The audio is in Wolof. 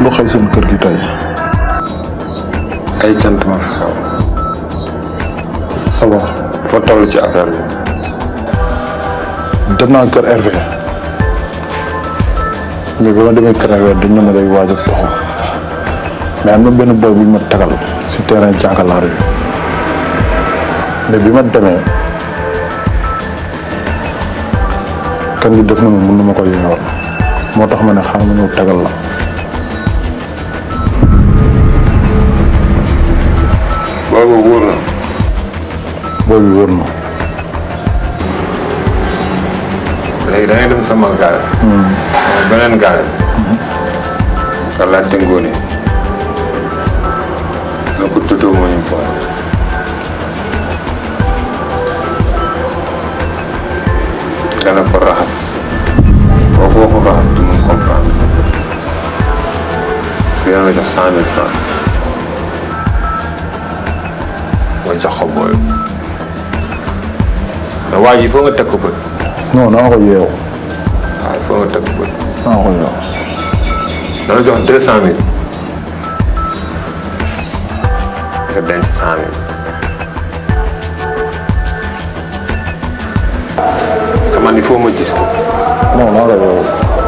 lu xëy seen kër gi tey. ay cant ma fi xaw sa bopp fa toll ci affaire bi. dem naa kër Hervé mais ba ma demee kër Hervé dañ ne ma day waaj a toxu am na benn boy bu ñu ma tagal si terrain jànkalaar bi mais bi ma demee kan gi def na ma mun nu ma ko yeewal moo tax ma ne xaaral ma ñëw tagal la. waaw boobu wóor boobu wóor na. léegi da ngay sama gaal. Hmm. beneen gaal. Hmm. nga laaj te ngóone. na ko tëtoo ñu poñ. dana ko raxas. boo ko waxul raxas du mun comprendre. dina la jox cent mille francs. mooy sa xom ji foo nga teg ko bët. non naa ko yeewu. waaw jox deux cent nga denc cent mille. sama ni foo ma gis ko. naa ko yeewu.